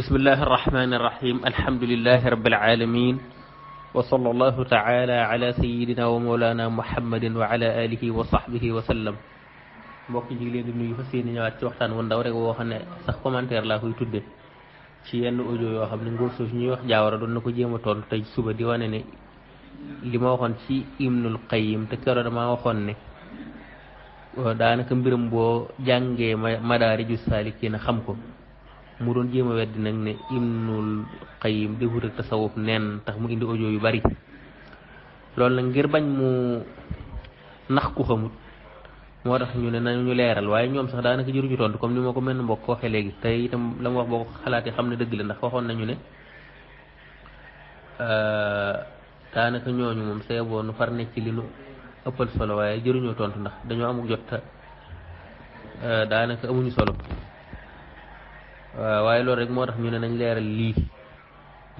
بسم الله الرحمن الرحيم الحمد لله رب العالمين وصلى الله تعالى على سيدنا ومولانا محمد وعلى اله وصحبه وسلم بوك جي لي دي فاسين نيوات سي وقتان ونداو ريك وخا ني صاح كومونتير لا كوي تودي سي ين اوديو يو خا ني نغور سوف ني جاورا دون نكو جيما تول تاي سوبا دي واني ني لي ما وخون سي ابن القيم تا ما وخون ني و دانكا ميرم بو جانغي مداري جو سالكين خمكو mu doon jéem a weddi nag ne ibnul qayyim defut ak tasawuf nen tax mu indi audio yu bari loolu nag ngir bañ mu nax ku xamut moo tax ñu ne nañu leeral waaye ñoom sax daanaka jëruñu tontu comme ni ma ko mel ne mbokk waxee léegi te itam la mu wax boo ko xalaatee ndax waxoon nañu ne euh, daanaka ñooñu moom sa nu far ne ci li nu ëppal solo waaye jëruñoo tontu ndax dañoo amul jot euh, daanaka amuñu solo. waaw waaye loolu rek moo tax ñu ne nañ leeral lii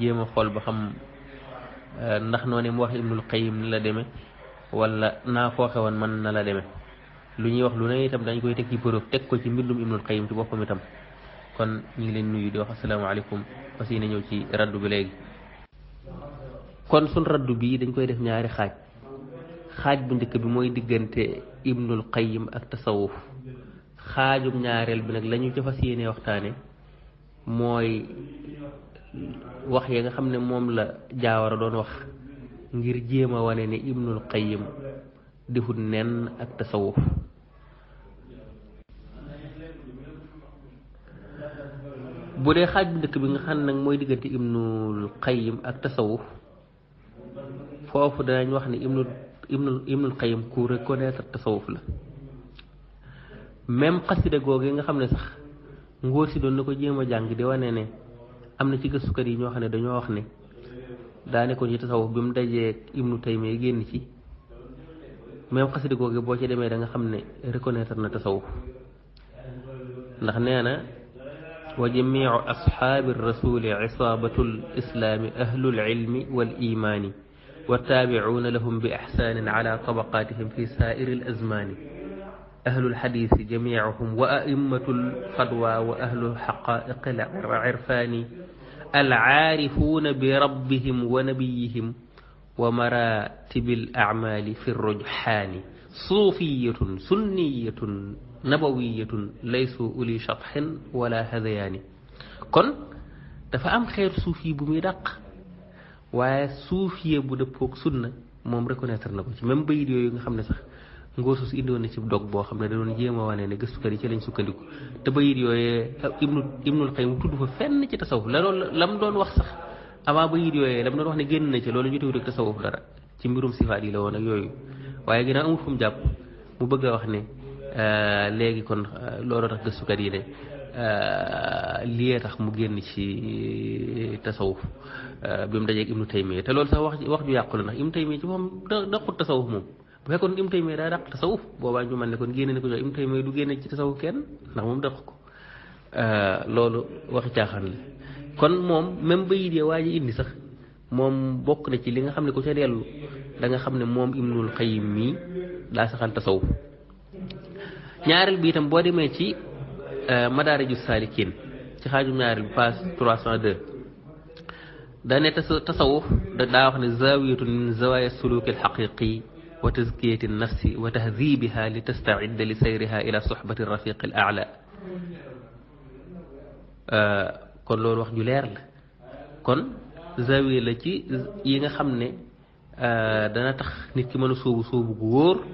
jéem a xool ba xam eh, ndax noo ne mu wax ibnul qayyim ni la demee walla naa fooxe woon mën na la demee lu ñuy wax lu ne itam dañ koy teg ci preuve teg ko ci mbindum ibnul qayyim ci boppam itam kon ñu ngi leen nuyu di wax asalaamaaleykum fas yéene ñëw ci raddu bi léegi kon sun raddu bii dañ koy def ñaari xaaj xaaj bu njëkk bi mooy diggante ibnul qayyim ak tasawuf xaajum ñaareel bi nag lañu ca fas yéene waxtaane mooy wax ya nga xam ne moom la jaawara doon wax ngir jéem a wane ne ibnul qayyim defut nen ak tasawuf bu dee xaaj bu njëkk bi nga xam ne nag mooy diggante ibnul qayyim ak tasawuf foofu danañ wax ne ibnul ibnul ibnul qayyim ku reconnaître tasawuf la même xasida googu nga xam ne sax ngóor si doon na ko jàng di wane ne amna na ci gëstukat yi ño xane dañu wax ne daa ko ñi tasawuf bi mu dajee ibnu taymiya génn ci même xasida goge bo ci deme da nga xamne reconnaître na tasawuf ndax neena na wa jamiicu asxaabi rasuli cisaabatu lislaami ahlu lcilmi wal imaani wa taabicuuna lahum bi ixsaanin ala tabaqaatihim fi saairi al أهل الحديث جميعهم وأئمة القدوى وأهل الحقائق العرفان العارفون بربهم ونبيهم ومراتب الأعمال في الرجحان صوفية سنية نبوية ليسوا أولي شطح ولا هذيان كن تفهم خير صوفي بمدق وصوفي muy سنة waaye suufiya bu dëppoog sunna moom ngóor su indiwoon na ci dog boo xam ne da doon jéem a wane ne gëstukat yi ci lañ sukkandiku te bayit yooyee ibnu ibnul xayim tudd fa fenn ci tasawuf la la mu doon wax sax avant bayit yooyee lam doon wax ne génn na ci loolu jotewul ak tasawuf dara ci mbirum sifaat yi la woon ak yooyu waaye ginnaaw mu jàpp mu bëgg a wax ne euh, léegi kon euh, looloo tax gëstukat yi ne euh, lii tax mu génn ci tasawuf bi mu dajeeg ibnu taymiya te loolu sax wax wax ju yàqu la ndax ibnu taymiya ci moom da da xut tasawuf moom bu fekkoon Ibnu Taymiya daa dàq tasawuf boobaa ñu mën ne kon génne ni ko jox Ibnu Taymiya du génne ci tasawuf kenn ndax moom dàq ko euh, loolu waxi caaxaan la kon moom même ba yit waa ji indi sax moom bokk na ci li nga xam ne ku ca dellu da nga xam ne moom Ibnul Qayyim mii daa saxal tasawuf ñaareel bi itam boo demee ci euh, Madaariju Saalikiin ci xaajum ñaareel bi page 302 da ne tasawuf da daa wax ne zaawiyatun min zawaaya suluuk al-haqiiqi وتزكية النفس وتهذيبها لتستعد لسيرها إلى صحبة الرفيق الأعلى كن لول وخ كن زاوية لكي ييغا خامني تخ نيت كي مانو سوبو سوبو غور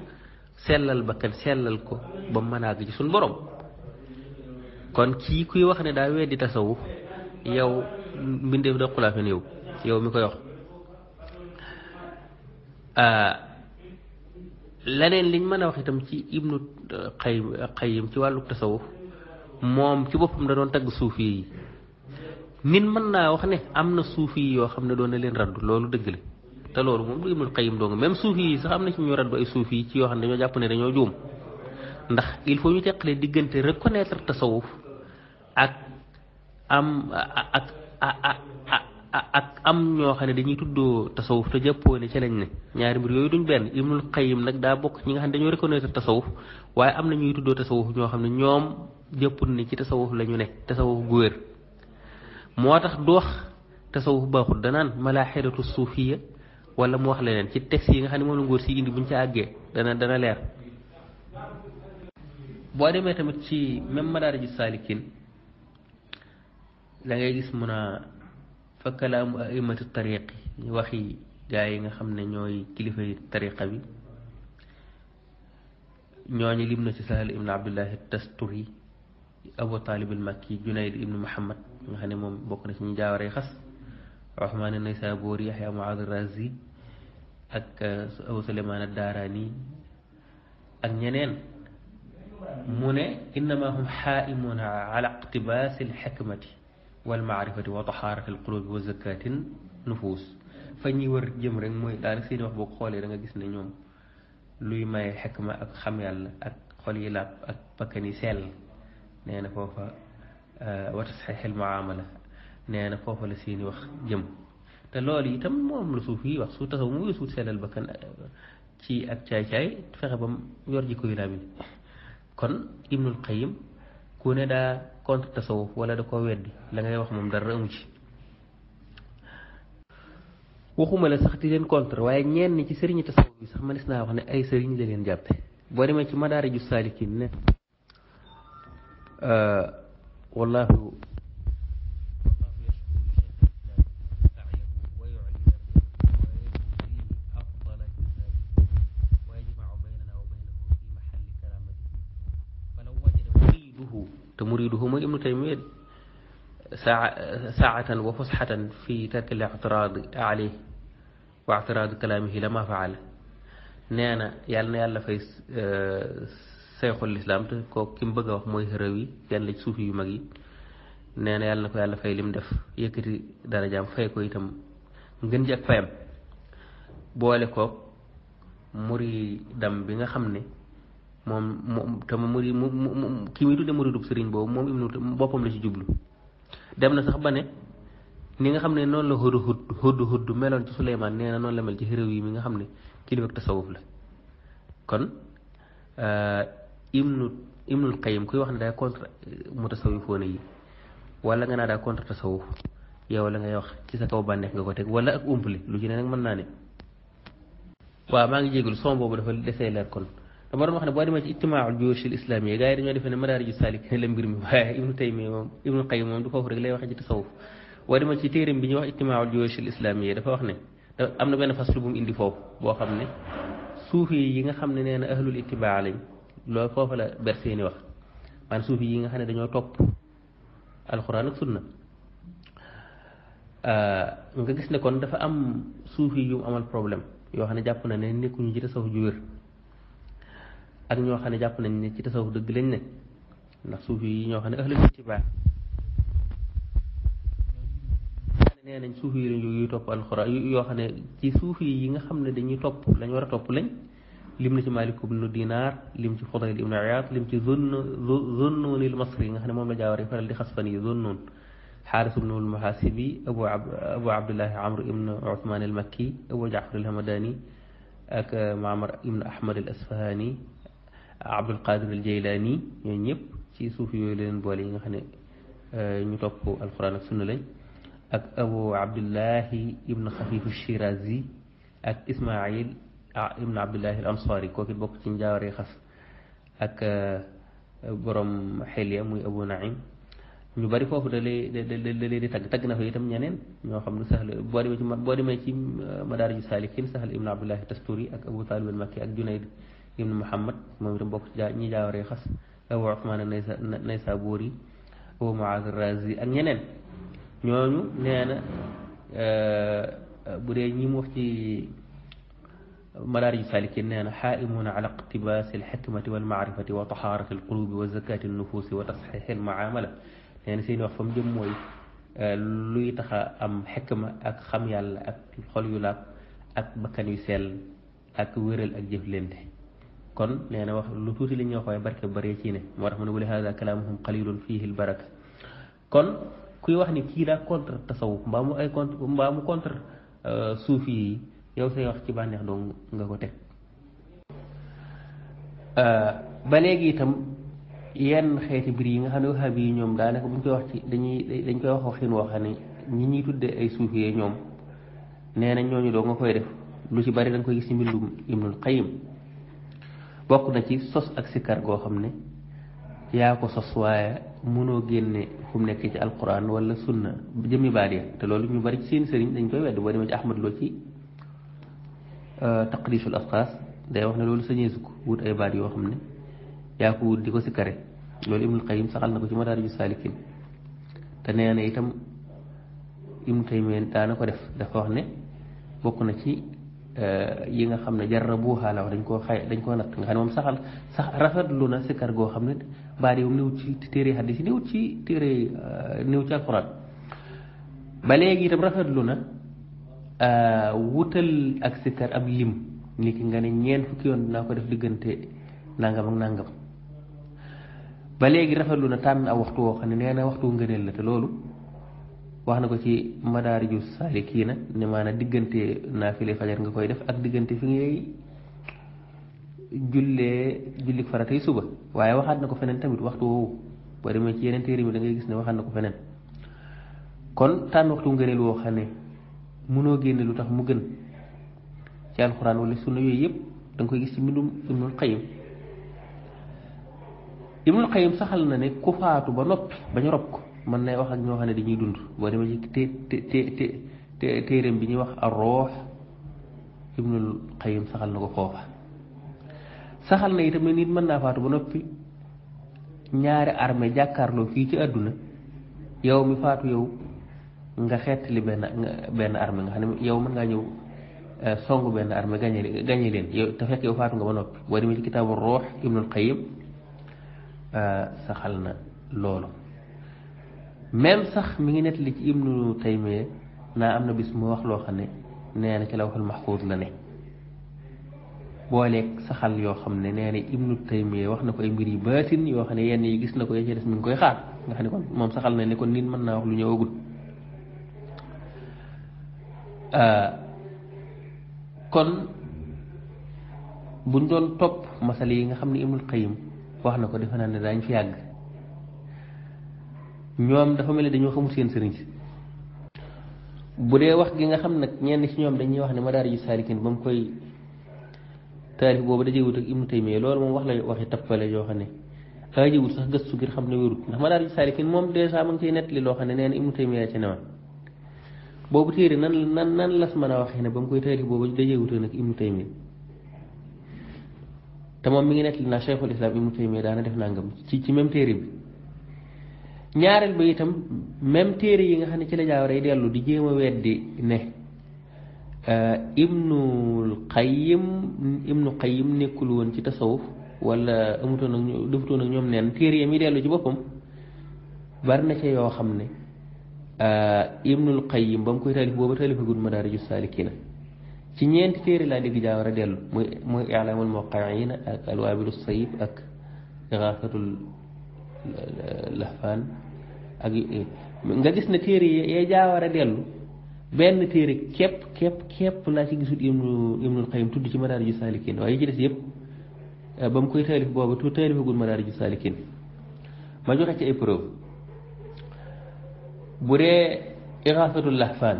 سلال بكن سلال كو با مناغ جي سون كي كوي واخ ني دا ويدي تصوف ياو مبيندي دا يو ياو leneen liñ mën a wax itam ci ibnu xayim euh, xayim euh, ci wàllu tasawuf moom ci boppam da doon tagg suufi yi nit mën naa wax ne am na suufi yi yoo xam ne doon na leen raddu loolu dëgg le te loolu moom du ibnu xayim dong même suufi yi sax am na ci ñu raddu ay suufi yi ci yoo xam ne dañoo jàpp ne dañoo juum ndax il faut ñu teqale diggante reconnaître tasawuf ak am ak ak am ñoo xamne dañuy tuddo tasawuf te jappone ci lañ ne ñaari mbir yooyu duñ benn ibnul qayyim nak da bok ñi nga xamne dañu reconnaître tasawuf waye am na ñuy tuddo tasawuf ñoo xamne ne ñoom jàppul ne ci tasawuf la ne tasawuf gu wér motax du wax tasawuf da danaan malahiratu sufiyya wala mu wax leneen ci texte yi nga xamne mo lu ngor ci indi buñ ci àggee dana dana leer bo demé tamit ci même madaara salikin saalikin da ngay gis mun فكلام أئمة الطريق وخي جاي خمنا نوي كلفة الطريق بي نوني لابن سهل ابن عبد الله التستوري أبو طالب المكي جنيد ابن محمد غني مم بقنا سن جاوري خس رحمن النسابوري يحيى معاذ الرازي أك أبو سليمان الداراني أك نينين من إنما هم حائمون على اقتباس الحكمة دي. والمعرفة وطهارة القلوب وزكاة النفوس فني ور جيم رك موي دان سين واخ بو خولي داغا غيس ني نيوم لوي ماي حكمه اك خام يال اك خولي لا اك بكني سيل نينا فوفا وتصحيح المعامله نينا فوفا لا سين واخ جيم تا لولي تام موم لو سوفي واخ سو تاسو موي سو سيل البكن تي اك تاي تاي فخه بام يور جي كوي رامي كون ابن القيم كون دا contre tasawuf wala da koo weddi la ngay wax moom dara amu ci waxuma la sax di leen contre waaye ñenn ci sëriñi tasawuf bi sax mënees naa wax ne ay sëriñ la leen jàppe boo demee ci madaari ju saalikin ne wallaahu ساعة وفسحة في ترك الاعتراض عليه واعتراض كلامه لما فعل نانا يالنا يالا في سيخ آه، الإسلام كو كم بغا موي هروي يالا سوفي مغي نانا يالا كو يالا في لم دف يكري درجة في كو يتم نجي اك فايم بوالي كو موري دم بيغا خمني موم موم تم موري موم كيمي تودي موري دوب سرين بو موم ابن بوبم لا سي جوبلو dem na sax ba ne ni nga xam ne noonu la hudd hudd hudd meloon ci Suleymaan nee na noonu la mel ci réew yi mi nga xam ne kilifa tasawuf la kon eh, ibnu ibnul Qayyim kuy wax ne daa contre mutasawifoon yi wala nga naa daa contre yow la ngay wax ci sa kaw bànneex nga ko teg wala ak umpale lu ci ne nag mën naa ne waaw maa ngi lu son boobu dafa desee leer kon dama doon wax ne boo demee ci ijtimaaul juyuush islamiyya gars yi dañoo defee ne madaariju saalikiin la mbir mi waaye ibnu taymiya moom ibnu qayyim moom du foofu rek lay wax ci tasawuf boo demee ci téeram bi ñuy wax ijtimaaul juyuush islamiyya dafa wax ne am na benn faslu bu mu indi foofu boo xam ne suufi yi nga xam ne nee na ahlul itibaa lañ loolu foofu la berseeni wax maanaam suufi yi nga xam ne dañoo topp alxuraan ak sunna nga gis ne kon dafa am suufi yu mu amal problème yoo xam ne jàpp na ne nekkuñu ci tasawuf ju wér ak ñoo xam ne jàpp nañ ne ci tasawuf dëgg lañ ne ndax suuf yi ñoo xam ne ahlul itibaa nee nañ suufi yi lañ yuy topp alxuraan yoo xam ne ci suuf yi yi nga xam ne dañuy topp lañ war a topp lañ lim na ci Malik ibn dinar lim ci Fudayl ibn Iyaad lim ci zone zonnoonil Masri nga xam ne moom la jaawari faral di xas fan yi zonnoon حارس بن المحاسبي أبو, عب... أبو عبد الله عمرو بن عثمان المكي أبو جعفر الهمداني أك معمر بن أحمد الأسفهاني عبد القادر الجيلاني ينيب في صوفي ولين بولين خنا نتوقع القرآن السنة لين أك أبو عبد الله ابن خفيف الشيرازي أك إسماعيل ابن عبد الله الأنصاري كوكي بوك تنجاري خاص أك برم حلية مي أبو نعيم ñu bari fofu da lay da lay di tag tag na fa itam ñeneen ñoo xam lu sahal boori ma ci boori ma euh, ci madar ji salikin sahal ibn abdullah tasturi ibn muhammad mom itam bok ci ñi jaawre xass aw uthman ibn naysabur yi wa muaz razi ak ñeneen ñoñu neena euh bu de ñi mu wax ci مدار يسالك إننا حائمون على اقتباس الحكمة والمعرفة وطهارة القلوب وزكاة النفوس وتصحيح المعاملة يعني سين وفهم جموي لوي تخا أم حكمة أك خميال أك خليولاب أك بكن يسال أك ويرل أك جفلين ده kon neena wax lu tuti li ñoo wax barke bari ci ne mo tax mu ne wala hada kalamuhum qalilun fihi albaraka kon kuy wax ni ki daa contre tasawuf mba mu ay contre mba mu contre euh soufi yow say wax ci banex do nga ko tek euh ba legi tam yenn xéeti bir yi nga xam ne waxaab yi ñoom daanaka buñ koy wax ci dañuy dañ koy wax waxin woo xam ne ñi tuddé ay soufi ñom ñoom ñoñu do nga koy def lu ci bari da koy gis ci mbindum ibnul qayyim bokk na ci sos ak sikkar goo xam ne yaa ko sos waaye mënoo génne fu mu nekk ci alquran wala sunna jëmmi baat ya te loolu ñu bari ci seen sëriñ dañ koy wedd boo demee ci ahmad loo ci euh, taqdisul day wax ne loolu sañeesu ko wut ay baat yoo xam ne yaa ko wut di ko sikkare loolu ibnul qayyim saxal na ko ci ma madaariju saalikin te nee na itam ibnu taymiya daana ko def dafa wax ne bokk na ci Euh, yi nga xam ne jarrabuha la wax dañ koo xay dañ koo natt nga xam ne moom saxal sax rafetlu na sikkar goo xam ne baat ci téere xaddis yi néew ci téere euh, néew ci ba léegi itam rafetlu na euh, wutal ak sikkar ab lim ni ki nga ne ñeen fukki yoon dinaa ko def diggante nangam ak nangam ba léegi rafetlu na tànn a waxtu woo xam ne nee na waxtu ngëneel la te loolu wax na ko ci madaari ju saalikiina ne maana diggante naa naafile fajar nga koy def ak diggante fi ngay jullee jullik faratay suba waaye waxaat na ko feneen tamit waxtu woowu boo demee ci yeneen téere mi da gis ne waxaat na ko feneen kon tànn waxtu ngëneel woo xam ne mënoo génne lu tax mu gën ci alxuraan wala sunna yooyu yëpp da koy gis ci mbindum ibnul xayim ibnul xayim saxal na ne ku faatu ba noppi bañ rob ko mën nay wax ak ñoo xam ne dañuy dund boo demee ci té té bi ñuy wax ar-ruux saxal na ko foofa saxal na itam mën naa faatu ba noppi ñaari armée jàkkaarloo fii ci àdduna yow mi faatu yow nga xeetali benn benn armée nga xam ne yow mën ngaa ñëw euh, songu benn armée gañe gañe leen yow te fekk yow faatu nga ba noppi boo demee ci kitaabu ruux euh, saxal na loolu même sax mi ngi nettali ci ibnu taymiya naa am na bis mu wax loo xam ne nee na ci lawhul mahfuz la ne booleeg saxal yoo xam ne nee na ibnu taymiya wax na ko ay mbir yu baatin yoo xam ne yenn yi gis na ko ya ci des mi ngi koy xaar nga xam ne kon moom saxal na ne kon nit mën naa wax lu ñëwagul ah, kon buñ doon topp masal yi nga xam ne ibnul qayyim wax na ko defe naa ne daañ fi yàgg ñoom dafa mel ni dañoo xamul seen sëriñ si bu dee wax gi nga xam nag ñenn ci ñoom dañuy wax ne madaariju saalikin ba mu koy taarif boobu dajewut ak ibnu taymiya loolu moom wax la waxi tappale yoo xam ne aajewut sax gëstu ngir xam ne wérut ndax madaariju saalikin moom dèjà ma ngi koy nettali loo xam ne nee na ibnu taymiya ci newoon nan nan nan las mën a waxee ne ba mu koy taarif boobu dajewutoon ak ibnu taymiya te moom mi ngi nettali naa cheikhul islam ibnu taymiya daana def nangam ci ci même téere bi ñaareel ba itam même téere yi nga xam ne ci la jaawaray dellu di jéem a weddi ne euh, ibnul qayyim ibnu qayyim nekkul woon ci tasawuf wala amutoon ak ñu defutoon ak ñoom neen téere yi mi dellu ci boppam bari na ca yoo xam ne euh, ibnul qayyim ba mu koy taalif booba taalifagul madaariju saalikiina ci ñeenti téere laa dégg jaawara dellu muy muy ilaamul muwaqqi'iin ak alwaabilu sayib ak igaasatul lahfaan ak nga gis ne téere yee jaawara dellu benn téere képp képp képp laa ci gisul ibnu ibnul xayim tudd ci madaari ju saalikin waaye ci des yëpp ba mu koy taalif boobu tu taalifagul madaari ju saalikin ma joxe ci ay preuve bu dee igaafatul lahfaan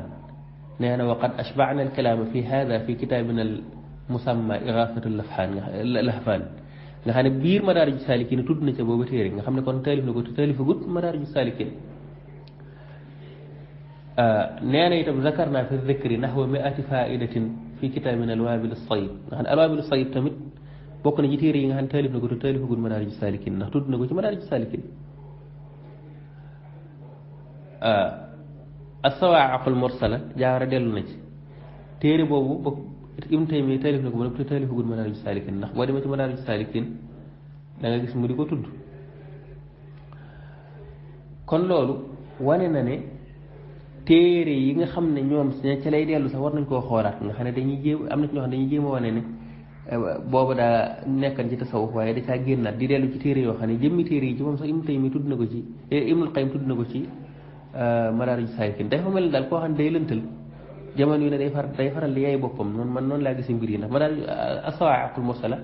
nee na waqad ashbacna alkalaama fi hada fi kitaabina al musamma igaafatul lahfaan nga xamne bir madarij salikin tud na ca booba téere nga xamne kon talif nako ko gut madarij salikin saalikin neena itam zakarna fi zikri nahwa miati faidatin fi kitabina al-wabil as-sayyid nga xamne al-wabil as-sayyid tamit bokku na ci téere yi nga xamne talif nako na gut madarij salikin nak tud nako ci madarij salikin ci as-sawa'iq al mursala jaara delu na ci tere bobu Ibnu Taymiya taalif na ko ba noppi te taalifagul Madaarij Saalikiin ndax boo demee ci Madaarij Saalikiin da nga gis mu di ko tudd loolu wane na ne téere nga xam ne ñoom ca lay dellu sax war nañ koo xoolaat nga xam ne dañuy jéem am na ci ñoo xam ne dañuy jéem a wane ne eh, booba daa nekkan ci tasawuf waaye da caa génnaat di dellu ci yoo xam ne jëmmi téere yi ci sax Ibnu Taymiya tudd na ko ci eh, Ibnul tudd na ko ci eh, Madaarij Saalikiin dafa mel daal koo xam ne day lëntal jamono yu ne day far day faral di yaay boppam noonu man non la gis mbir yi ndax ma dal aswaaqul musala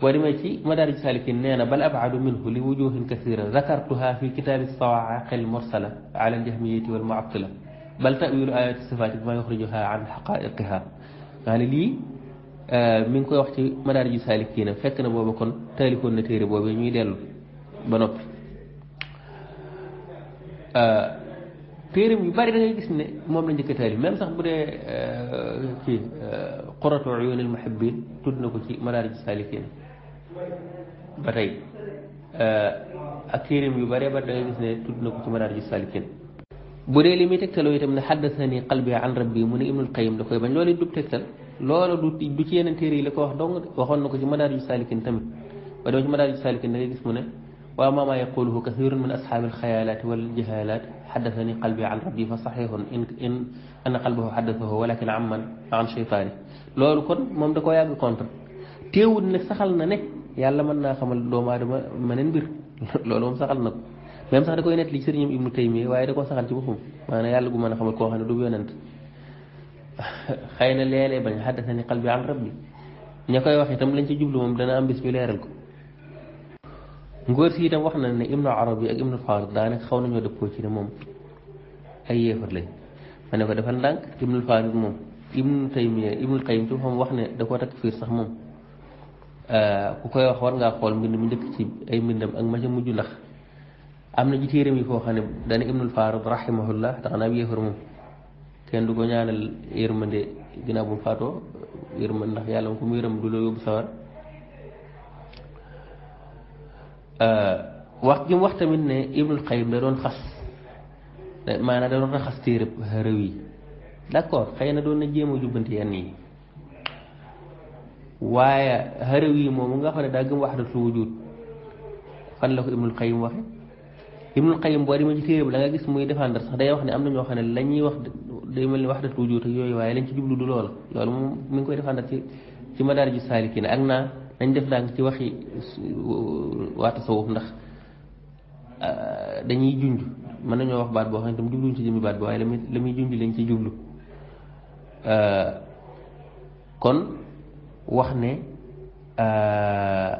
wa demee ci madaarij saalikin nee na bal abadu minhu li wujuhin kaseera dhakartuha fi kitab kitaabi sawaaqil mursala ala al-jahmiyyah wal muattila bal ta'wil ayat as-sifat bima yukhrijuha an haqa'iqiha maa li min koy wax ci madaarij salikin fek na bobu kon taalikoon na tere bobu ñuy delu ba noppi téere yu bari da ngay gis ne moom la njëkk taalif même sax bu dee kii qurratu uyunil muhibbin tudd na ko ci madaarij saalikin ba tey ak téereem yu bari bari da ngay gis ne tudd na ko ci madaarij saalikin bu dee li muy tegtaloo itam ne xaddasani qalbi an rabbi mu ne ibnul qayim da koy bañ loolu du tegtal loolu du du ci yeneen téere yi la ko wax dong waxoon na ko ci madaarij saalikin tamit ba doo ci madaarij saalikin da ngay gis mu ne waa maamaa yaquluhu kathirun min ashaabil xayaalaati wal jahaalaati حدثني قلبي عن ربي فصحيح إن, إن أن قلبه حدثه ولكن عمن عن شيطاني لو كن مم دكوا يابي كونتر تيو نسخل نني يا الله من ناخم الدوما منين بير لو لو مسخل نك مم سخل كوي نت ليشر يم إبن تيمي وايد كوا سخل تبوهم أنا يا الله جم أنا خم الكوا خان دوبي ونت خاين الليل بني حدثني قلبي عن ربي نيكوا يوحي تملين تجيب لهم دنا أم بسم الله رلكم ngóor si itam wax na ne ibnu arabi ak ibnu farid daanaka xaw nañoo dëppoo ci ne moom ay yéefar lañ ma ko dafa ndànk ibnu farid moom ibnu taymiya ibnu qayyim ci wax ne da koo takk euh, ku koy wax war xool mbind mi njëkk ci ay mbindam ak ma ca mujj ndax am na ji téeram yi foo xam ne dana ibnul farid rahimahullah tax na ab yéefar moom kenn du ko ñaanal yërmande ginnaaw bu mu faatoo yërmande ndax yàlla mu ko mu yërëm du la yóbbu sawar Euh, wax gi mu wax tamit ne Ibnul Qayyim da doon xas maanaam da doon raxas téereb rëw yi d'accord xëy na doon na jéema a jubbanti yenn yi waaye xërëw yi moom nga xam ne daa gëm waxdatul wujud fan la ko Ibnul Qayyim waxe Ibnul Qayyim boo demee ci téere bi da gis muy défendre sax day wax ne am na ñoo xam ne la ñuy wax day wax ni waxdatul wujud ak yooyu waaye lañ ci jublu du lool loolu moom mi ngi koy défendre ci ci madaariju saalikiin ak naa dañ def ndànk ci waxi waa tasawuf ndax euh, dañuy junj mën nañoo wax baat boo xam ne tam jubluñ ci jëmmi baat bi waaye la muy la muy junj lañ ci jublu euh, kon wax ne euh,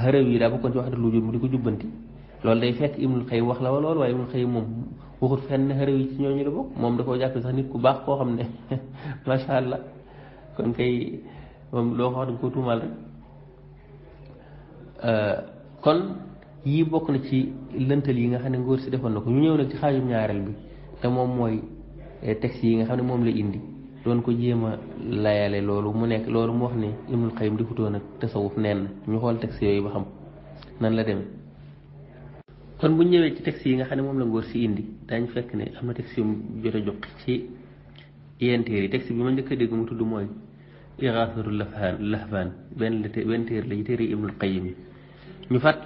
xërëw yi daa bokkoon ci wax ne lu jur mu di ko jubbanti loolu day fekk Ibnul Qayyim wax la wa lool waaye Ibnul xëy moom waxut fenn xërëw yi ci ñooñu la bokk moom da koo jàpp sax nit ku baax koo xam ne macha allah kon kay. loo ko wax da ko tuumaal rek euh, kon yii bokk na ci lëntal yi nga xam ne ngoor si defoon ko ñu ñëw nag ci xaajum ñaareel bi te moom mooy eh, texte yi nga xam ne moom la indi doon ko jéem a layale loolu mu nekk loolu mu wax ne Ibnul Qayyim di futoo nag tasawuf neen na ñu xool texte yooyu ba xam nan la demee kon bu ñëwee ci texte yi nga xam ne moom la ngóor si indi daañu fekk ne am na texte yu jot a jox ci yenteer yi texte bi ma njëkk a dégg mu tudd mooy إغاثر اللفهان اللهفان بين بين تير لي تير ابن القيم نفات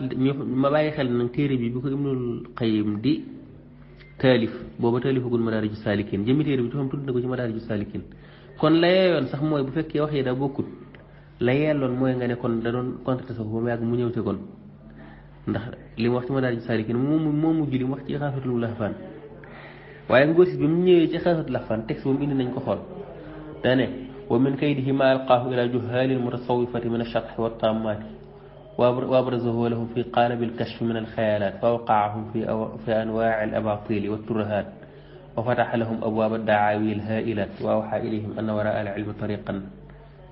ما باي خل نان تير بي بكو ابن القيم دي تالف بو تالف غول مدارج السالكين جيمي تير بي توم تود نكو سي مدارج السالكين كون لا يون صاح موي بو فكي واخي دا بوكوت لا يالون موي غاني كون دا دون كونتاكت سو بو ماك مو نيو تي كون ndax lim wax ci madaraj salikin mom mom julli wax ci khafatul lahfan waye ngor ci bimu ñewé ci khafatul lahfan texte bu indi nañ ko xol dane ومن كيده ما ألقاه إلى جهال المتصوفة من الشطح والطامات وأبرزه لهم في قالب الكشف من الخيالات فوقعهم في, أو في أنواع الأباطيل والترهات وفتح لهم أبواب الدعاوي الهائلات وأوحى إليهم أن وراء العلم طريقا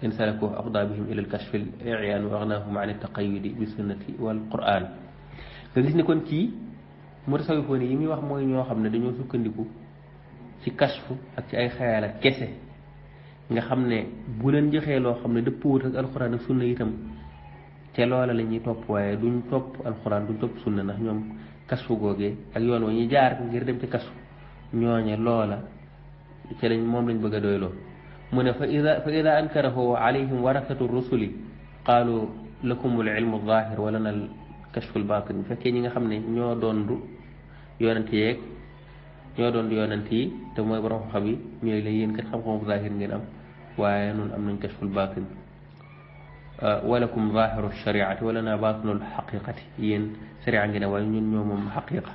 إن سلكوه أفضى بهم إلى الكشف الإعيان وأغناهم عن التقيد بالسنة والقرآن nga gis كي kon يمي mutasawwifoon yi muy wax سكن لكو في كشف أكي أي خيالات كسه nga xam ne bu leen joxee loo xam ne dëppoowut ak alxuraan ak sunna itam te loola la ñuy topp waaye duñ topp alxuraan duñ topp sunna ndax ñoom kasfu googee ak yoon wa ñuy jaar ngir dem ci kasfu ñooñe loola ci lañ moom lañ bëgg a doyloo mu ne fa ida fa ida ankarahu alayhim warasatu rusuli qaalu lakumul ilmu zaahir wa lana al kashful baatin fekkee ñi nga xam ne ñoo doon du yonent yeeg ñoo doon du yonent yi te mooy borom xam yi ñooy la yéen kat xam-xamu ngeen am waaye noonu am nañ kashful baatin uh, walakum zahiru shariati wala naa baatinul xaqiqati yéen sharia ngi ne waaye ñun ñoo moom xaqiqa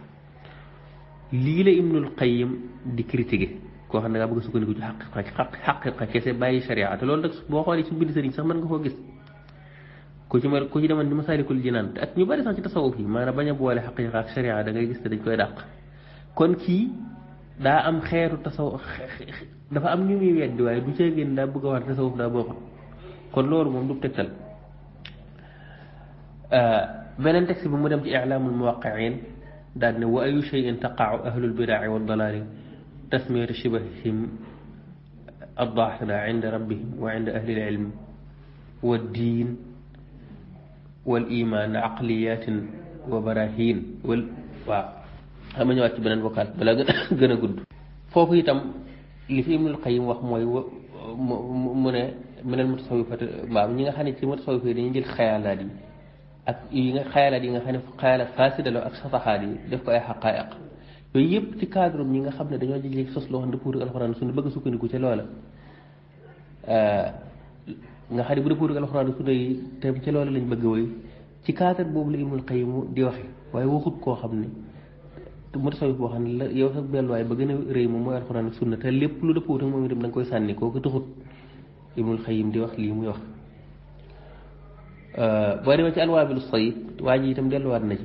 lii la ibnul qayim di critiquer koo xam ne daa bëgg sukkandiku ci xaqiqa xaqiqa kese bàyyi sharia te loolu nag boo xoolee ci bind sëriñ sax mën nga koo gis ku ci mel ku ci demoon ni masaalikul jinaan ak ñu bari sax ci tasawuf yi maanaam bañ a boole xaqiqa ak sharia da ngay gis ne dañ koy dàq kon kii daa am xeetu tasaw dafa am ñu muy weddi waaye du cee génn daa bëgg a wax tasawuf daa bokkut kon loolu moom du tegtal beneen texte bi mu dem ci i'laamul muwaqqi'in daal ne wa ayu shay'in taqa'u ahlul bidaa'i wad dalaali tasmiyatu shibahihim الظاهرة عند ربهم وعند أهل العلم والدين والإيمان عقليات وبراهين وال... xam nga ñëwaat ci beneen vocal balaa gën a gën a gudd. foofu itam li fi Ibnul Qayyim wax mooy mu ne meneen maam ñi nga xam ne ci mutasawwif yi dañuy jël xayaalaat yi ak yi nga xayaalaat yi nga xam ne xayaalaat faasida la ak sataxaat yi def ko ay xaqaayiq yooyu yëpp ci cadre ñi nga xam ne dañoo jël sos loo xam ne dëppoo ak alxuraan sunna bëgg a sukkandiku ca loola. nga xam ne bu dëppoo ak alxuraan sunna yi te ca loola lañ bëgg a ci cadre boobu la Ibnul Qayyim di waxe waaye waxut koo xam ne. mutasawif boo xam ne la yow sax ba gën a rëy moom mooy alxuraan ak sunna te lépp lu dëppoo ak moom itam da nga koy sànni kooku taxut ibnul xayim di wax lii muy wax euh, boo demee ci alwaabilu sayib waa ji delluwaat na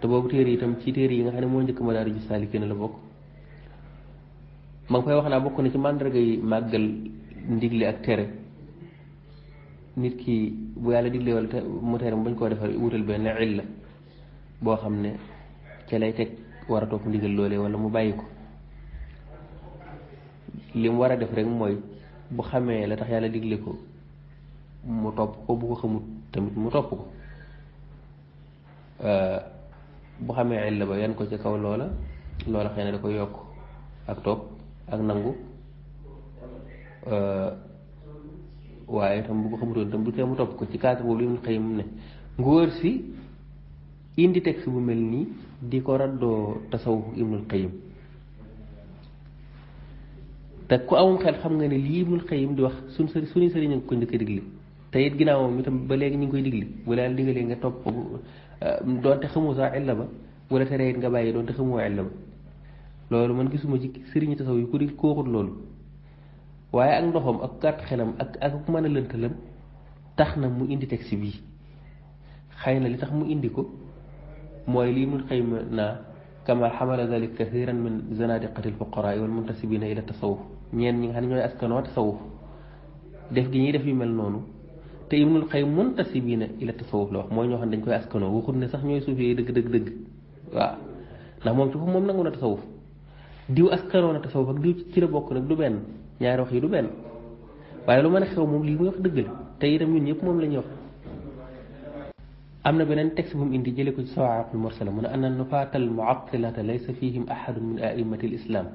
te boobu téere itam ci yi nga xam ne moo njëkk ma daal di gis saalikiin la bokk ma koy wax naa bokk na ci màndarga yi màggal ndigle ak tere nit ki bu yàlla digle wala mu tere mu bañ koo defal wutal benn illa boo xam ne ca lay teg war a topp ndigal loolee wala mu bàyyi ko li war a def rek mooy bu xamee la tax yàlla digle ko mu topp ko bu ko xamut tamit mu topp ko bu xamee illa ba ko ci kaw loola loola xëy na da ko yokk ak topp ak waaye tam bu ko xamutoon tam mu topp ko ci cadre boobu li mu xëy mu ne. nga wër si bu mel nii. di ko raddoo tasawuf ibnul qayyim te ku amum xel xam nga ne lii ibnul qayyim di wax suñ sëriñ suñu sëriñ ko njëkk digli te it ginnaawam itam ba léegi ñu ngi koy digli wala yàlla digalee nga topp eh, doonte xamoo saa illa ba wala tere it nga bàyyi doonte xamoo illa ba loolu man gisuma ci sëriñu tasawuf yi ku di kooxut loolu waaye ak ndoxam ak gàtt xelam ak ak mën a lëntalam tax na mu indi texte bii xëy na li tax mu indi ko مؤيلين من قيمنا كما حمل ذلك كثيرا من زنادقة الفقراء والمنتسبين إلى التصوف ñeen ñi nga xam ne ñooy askanoo tasawuf def gi ñuy def yu mel noonu te ibnul xayim muntasibina ila tasawuf la wax mooy ñoo xam ne dañ koy askanoo waxut ne sax ñooy suufee dëgg dëgg dëgg waaw ndax moom ci foofu moom nangu na tasawuf diw askanoo na tasawuf ak diw ci la bokk nag du benn ñaari wax yi du benn waaye lu mën a xew moom lii muy wax dëgg la te itam ñun ñëpp moom la ñuy wax أمن بنان تكسبهم إن تجلك سواعق المرسل من أن النفاة المعطلة ليس فيهم أحد من أئمة الإسلام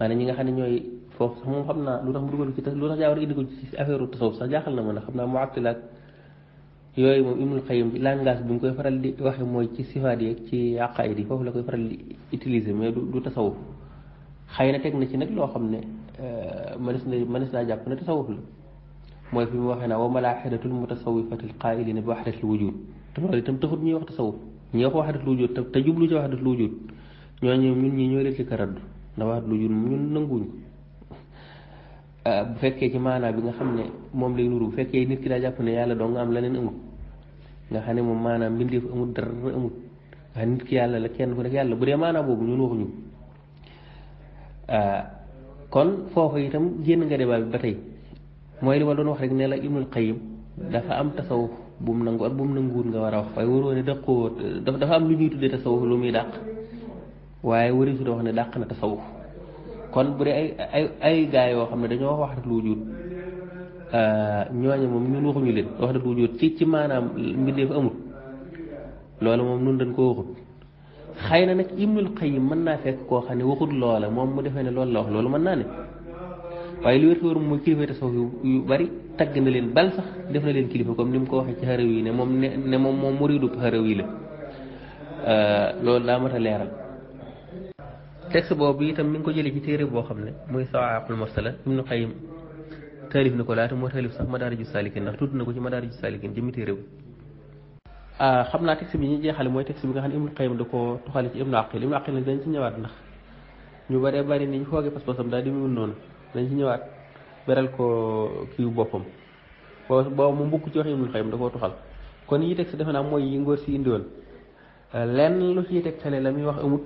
ما نيجي أن نيجي فوق سمو خبنا أن مرور كده لورا أن إيدك أفر التصوف سجى خلنا منا خبنا معطلة يوي مم إمل خيم لانغاس بمكوي فرال دي واحد موي كي سفا دي كي عقائدي فوق لكوي فرال دي إتليزي ما دو دو تصوف خاينة تك نشينا كل واحد آه، من منس منس ناجاب نتصوف له موي في موهنا وما لا أحد تلوم تصوفات القائلين بوحدة الوجود te loolu itam ñuy wax tasawuf ñi wax wax def lu jot te jublu ci wax def lu jot ñooñu ñun ñi ñooy leen ci karaddu ndax wax def lu jot ñun nanguñ ah, bu fekkee ci maanaa bi nga xam ne moom lay nuru bu fekkee nit ki daa jàpp ne yàlla doo nga am leneen amut nga xam ne moom maanaam mbindeef amut dara amut nga xam nit ki yàlla la kenn ku nekk yàlla bu dee maanaa boobu ñun waxuñu ah, kon foofu itam génn nga débat bi ba tey mooy li ma doon wax rek ne la Ibnul Qayyim dafa am tasawuf bu na nangu ak bu mu nga war a wax waaye waroo ne dàqoo dafa am lu ñuy tuddee tasawuf lu muy dàq waaye wari su da wax ne dàq na tasawuf kon bu dee ay gaa yoo xam ne dañoo wax rek lu wujut euh, ñooñu moom ñun waxuñu leen wax rek lu wujut ci ci maanaam mbindeef amul loolu moom nun dañ ko waxut xay na nag Ibnul Qayyim mën naa fekk koo xam ne waxut loola moom mu defee ne loolu la wax loolu mën naa ne waaye li wér ko wér mooy kilifa tasawuf yu bari tagg na leen bal sax def na leen kilifa comme ni mu ko waxee ci xaraw yi ne moom ne ne moom moom muridu xaraw yi la euh, loolu daa mat a leeral texte boobu itam mi ngi ko jëlee ci téere boo xam ne muy sawaaqul mursala ibnu Qayyim taalif na ko laata moo taalif sax madaariju saalikin ndax tudd na ko ci madaariju saalikin jëmi téere bi euh, xam naa texte bi ñu jeexale mooy texte bi nga xam ne ibnu Qayyim da ko tuxale ci ibnu Aqil ibnu Aqil nag dañ ci ñëwaat ndax ñu bare bari ni ñu foogee pas daal di mu noonu dañ si ñëwaat beral ko kiiwu boppam boobu boobu mu mbukk ci wax Ibnul Qayyim da koo tuxal kon yi teg si defe naa mooy yi ngoor si indiwoon lenn lu ciy tegtale la muy wax amut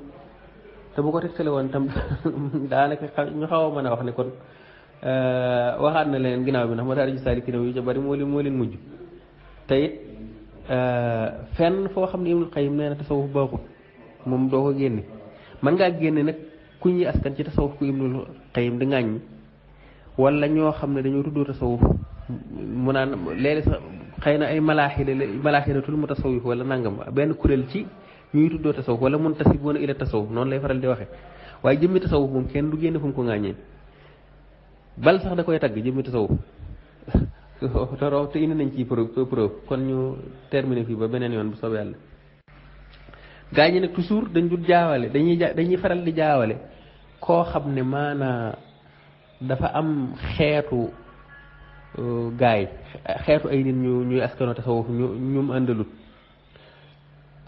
te bu ko tegtale woon tam daanaka ñu xaw a mën a wax ne kon euh, waxaat na leen ginnaaw bi ndax ma daal di saalikiin yu ca bari moo leen moo leen mujj te euh, fenn foo xam ne Ibnul Qayyim nee na tasawuf baaxut moom doo ko génne mën ngaa génne nag ku ñuy askan ci tasawuf ku Ibnul Qayyim di ŋàññi wala ñoo xam ne dañoo tudd tasawuf mu naan léeg-léeg xëy na ay malaaxila la malaaxilatul mu tasawuf wala nangam benn kuréel ci ñuy tuddoo tasawuf wala mun tasiboona ila tasawuf noonu lay faral di waxee waaye jëmmi tasawuf moom kenn du génn fu ko ŋaañee bal sax da koy tagg jëmmi tasawuf toro te indi nañ ci preuve kon ñu terminer fii ba beneen yoon bu soobee yàlla gaa nag toujours dañ dul jaawale dañuy dañuy faral di jaawale koo xam ne maanaa dafa am xeetu euh, gaay xeetu ay nit ñu ñuy askano tasawuf ñu ñu mu àndalut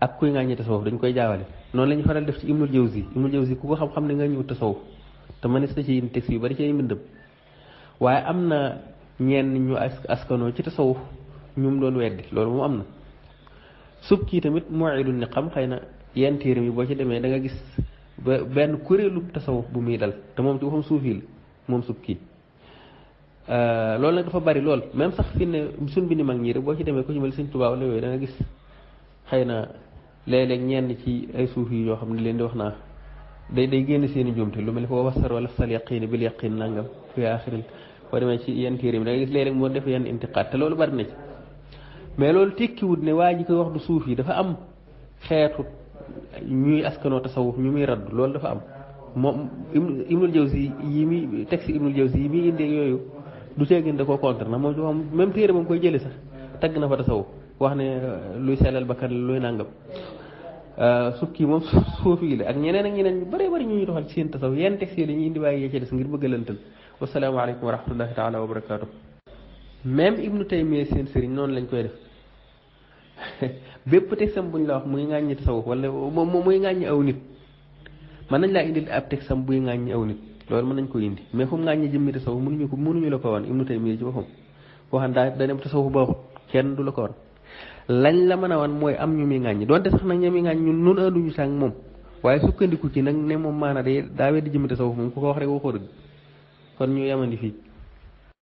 ak kuy ñi tasawuf dañ koy jaawale noonu lañu faral def ci Ibnul Jawzi Ibnul Jawzi ku ko xam-xam ne nga ñëw tasawuf te mënees na ci texte yu bari ci ay mbindam waaye am na ñenn ñu askano ci tasawuf ñu mu doon weddi loolu moom am na sub kii tamit moo idul ni xam xay na yenn téeram yi boo ci demee da nga gis ba benn kuréelu tasawuf bu muy dal te moom ci waxam suufi la moom suuf kii euh, loolu nag dafa bari lool même sax fi ne suñ bi ni mag ñiire boo ci demee ko ci mel sëñ Tuubaa wala yooyu da gis xëy na léeg-léeg ñenn ci ay suuf yi yoo xam ne leen di wax naa day day génn seen i njuumte lu mel ni ko wasar wala sal yaqiin bil yaqiin nangam fi aaxiril boo demee ci yenn téere mi da nga gis léeg moo def yenn intiqaat te loolu bari na ci mais loolu tekkiwut ne waa ji koy wax du suuf yi dafa am xeetu ñuy askanoo tasawuf ñu muy raddu loolu dafa am moom Ibnul Jawzi yi muy texte Ibnul Jawzi yi muy indi yooyu du teegin koo contre na moom moom même moom koy jëlee sax tagg na fa tasawu wax ne euh, luy sellal bakkan luy nàngam euh, sukki moom suufi la ak ñeneen ak ñeneen ñu bëree bëri ñu ñuy doxal ci seen tasaw yenn texte yi dañuy indi waaye yee ngir bëgg a lëntal wasalaamaaleykum wa rahmatullahi taala wa barakaatu même Ibnu seen sëriñ noonu lañ koy def bépp textam buñ la wax muy ŋàññi tasawuf wala muy ŋàññi aw nit man nañ laa indi ab teg sam buy ŋàññi aw nit loolu mën nañ ko indi mais fu mu ŋàññi jëmmi tasawuf mënuñu ko mënuñu la ko wan Ibnu Taymiya ci boppam koo xam daa da dem tasawuf baaxut kenn du la ko wan lañ la mën a wan mooy am ñu muy ŋàññi donte sax nag ñu muy ŋàññi ñun noonu anduñu sàng moom waaye sukkandiku ci nag ne moom maana day daa weddi jëmmi tasawuf moom ku ko wax rek waxoo dëgg kon ñu yemandi fii